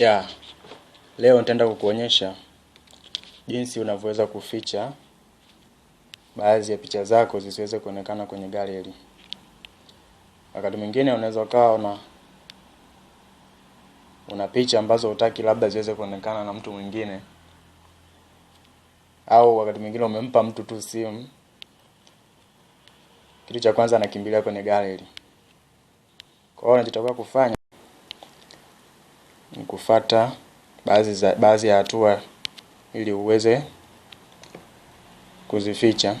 Ya, leo nitaenda kukuonyesha jinsi unavyoweza kuficha baadhi ya picha zako zisiweze kuonekana kwenye gallery. Wakati mwingine unaweza ukawa una una picha ambazo hutaki labda ziweze kuonekana na mtu mwingine, au wakati mwingine umempa mtu tu simu, kitu cha kwanza anakimbilia kwenye gallery. Kwa hiyo unachotakiwa kufanya kufata baadhi za baadhi ya hatua ili uweze kuzificha.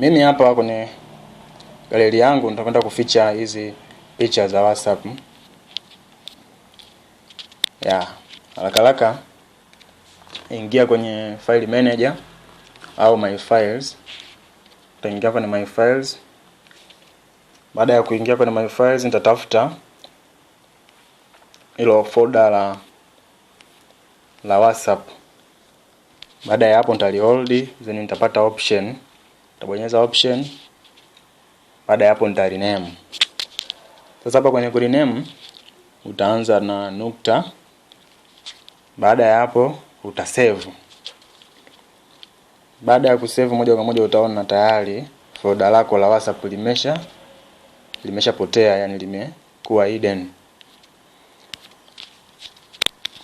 Mimi hapa kwenye galeri yangu nitakwenda kuficha hizi picha za WhatsApp ya haraka haraka. Ingia kwenye file manager au my files, utaingia kwenye my files. Baada ya kuingia kwenye my files, nitatafuta ilo folder la la WhatsApp. Baada ya hapo nitalihold, then nitapata option, nitabonyeza option. Baada ya hapo nitarename. Sasa hapa kwenye kurename utaanza na nukta. Baada ya hapo utasave. Baada ya kusave moja kwa moja utaona tayari folder lako la WhatsApp limesha limeshapotea, yani limekuwa hidden.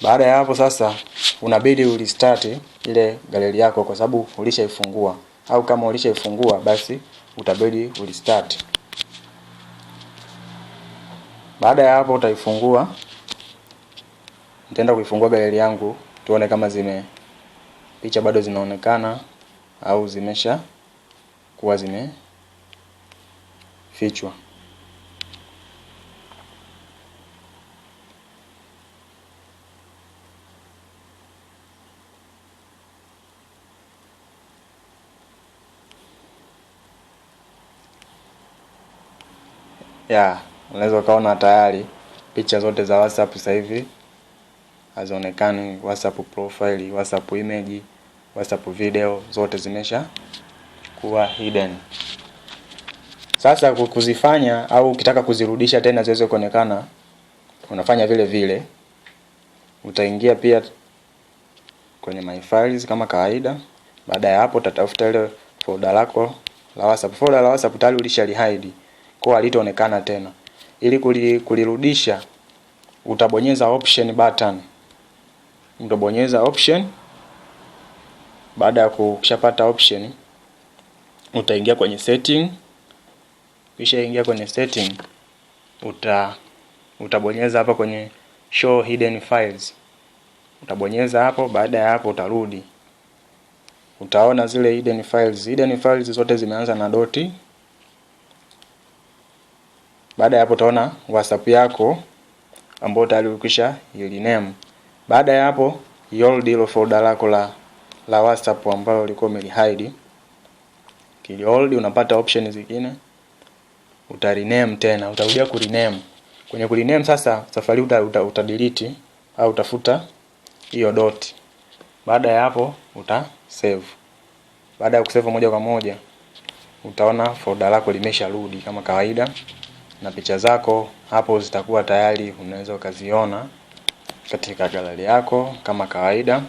Baada ya hapo sasa, unabidi ulistart ile galeri yako, kwa sababu ulishaifungua, au kama ulishaifungua basi utabidi ulistart. Baada ya hapo, utaifungua. Nitaenda kuifungua galeri yangu, tuone kama zime picha bado zinaonekana au zimesha kuwa zimefichwa. yeah, unaweza ukaona tayari picha zote za WhatsApp sasa hivi hazionekani. WhatsApp profile, WhatsApp image, WhatsApp video zote zimesha kuwa hidden. Sasa kuzifanya au ukitaka kuzirudisha tena ziweze kuonekana, unafanya vile vile, utaingia pia kwenye my files kama kawaida. Baada ya hapo, utatafuta ile folder lako la WhatsApp. Folder la WhatsApp tayari ulishali hide kwa halitaonekana tena. Ili kulirudisha utabonyeza option button, utabonyeza option. Baada ya kushapata option, utaingia kwenye setting. Kisha ingia kwenye setting, uta utabonyeza hapa kwenye show hidden files, utabonyeza hapo. Baada ya hapo, utarudi utaona zile hidden files. Hidden files zote zimeanza na doti baada ya hapo utaona WhatsApp yako ambayo tayari ukisha rename. Baada ya hapo hold hilo folder lako la la WhatsApp ambalo ulikuwa umelihide. Kili hold unapata option zingine. Utarename tena, utarudia kurename. Kwenye kurename sasa safari uta, uta, uta delete au utafuta hiyo dot. Baada ya hapo uta save. Baada ya kusave moja kwa moja utaona folder lako limesha rudi kama kawaida na picha zako hapo zitakuwa tayari unaweza ukaziona katika galari yako kama kawaida.